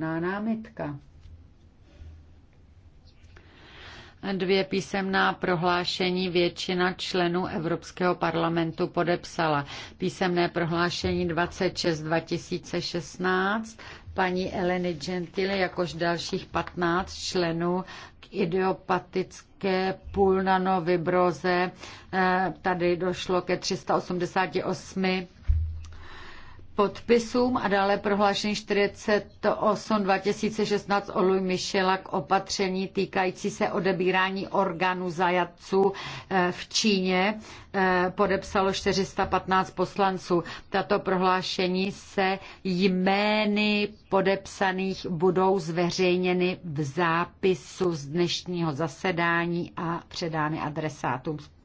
žádná námitka. Dvě písemná prohlášení většina členů Evropského parlamentu podepsala. Písemné prohlášení 26 2016 paní Eleny Gentile, jakož dalších 15 členů k idiopatické pulnanovibroze. Eh, tady došlo ke 388 podpisům a dále prohlášení 48 2016 o Louis Michela k opatření týkající se odebírání orgánů zajatců eh, v Číně eh, podepsalo 415 poslanců. Tato prohlášení se jmény podepsaných budou zveřejněny v zápisu z dnešního zasedání a předány adresátům.